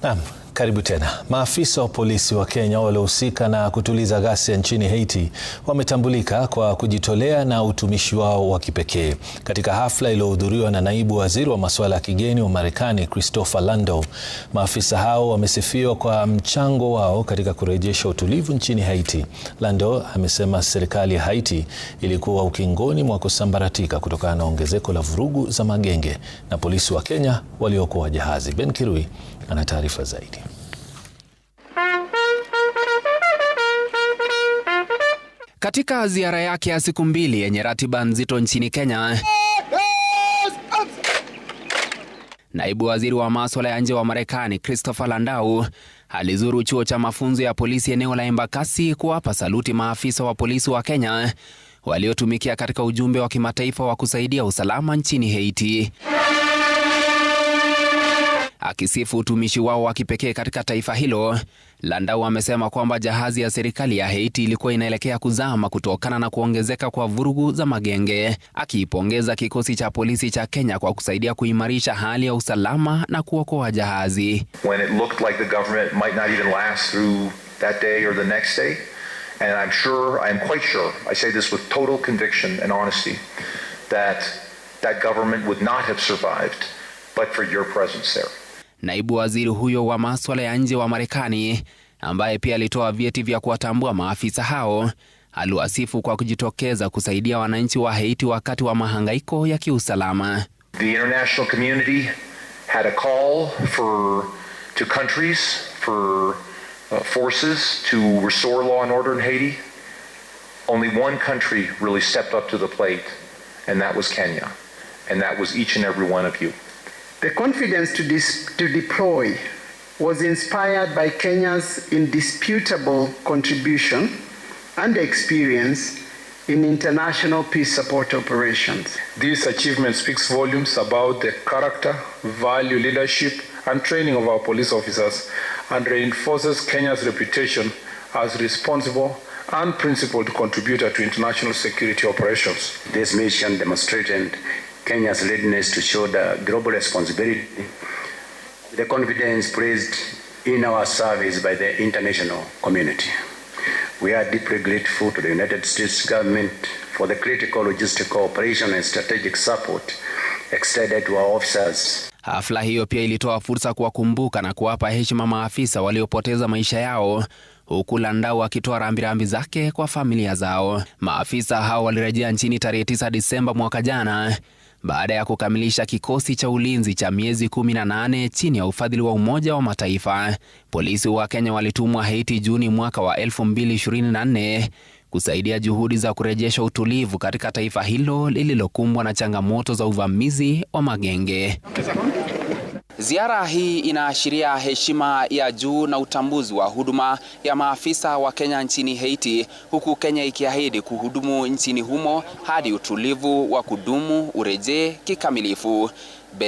Там. Karibu tena. Maafisa wa polisi wa Kenya waliohusika na kutuliza ghasia nchini Haiti wametambulika kwa kujitolea na utumishi wao wa kipekee. Katika hafla iliyohudhuriwa na naibu waziri wa masuala ya kigeni wa Marekani Christopher Landau, maafisa hao wamesifiwa kwa mchango wao katika kurejesha utulivu nchini Haiti. Landau amesema serikali ya Haiti ilikuwa ukingoni mwa kusambaratika kutokana na ongezeko la vurugu za magenge na polisi wa Kenya waliokuwa jahazi. Ben Kirui ana taarifa zaidi. Katika ziara yake ya siku mbili yenye ratiba nzito nchini Kenya, naibu waziri wa maswala ya nje wa Marekani Christopher Landau alizuru chuo cha mafunzo ya polisi eneo la Embakasi kuwapa saluti maafisa wa polisi wa Kenya waliotumikia katika ujumbe wa kimataifa wa kusaidia usalama nchini Haiti. Akisifu utumishi wao wa kipekee katika taifa hilo, Landau amesema kwamba jahazi ya serikali ya Haiti ilikuwa inaelekea kuzama kutokana na kuongezeka kwa vurugu za magenge, akiipongeza kikosi cha polisi cha Kenya kwa kusaidia kuimarisha hali ya usalama na kuokoa jahazi. That government would not have survived but for your presence there naibu waziri huyo wa maswala ya nje wa Marekani ambaye pia alitoa vyeti vya kuwatambua maafisa hao aliwasifu kwa kujitokeza kusaidia wananchi wa Haiti wakati wa mahangaiko ya kiusalama. The international community had a call for to countries for uh, forces to restore law and order in Haiti. Only one country really stepped up to the plate and that was Kenya. And that was each and every one of you. The confidence to, dis- to deploy was inspired by Kenya's indisputable contribution and experience in international peace support operations. This achievement speaks volumes about the character, value, leadership, and training of our police officers and reinforces Kenya's reputation as responsible and principled contributor to international security operations. This mission demonstrated Kenya's readiness to show the global responsibility, the confidence placed in our service by the international community. We are deeply grateful to the United States government for the critical logistical operation and strategic support extended to our officers. Hafla hiyo pia ilitoa fursa kuwakumbuka na kuwapa heshima maafisa waliopoteza maisha yao huku Landau akitoa rambirambi zake kwa familia zao. Maafisa hao walirejea nchini tarehe 9 Disemba mwaka jana baada ya kukamilisha kikosi cha ulinzi cha miezi 18 chini ya ufadhili wa Umoja wa Mataifa. Polisi wa Kenya walitumwa Haiti Juni mwaka wa 2024 kusaidia juhudi za kurejesha utulivu katika taifa hilo lililokumbwa na changamoto za uvamizi wa magenge. Ziara hii inaashiria heshima ya juu na utambuzi wa huduma ya maafisa wa Kenya nchini Haiti, huku Kenya ikiahidi kuhudumu nchini humo hadi utulivu wa kudumu urejee kikamilifu.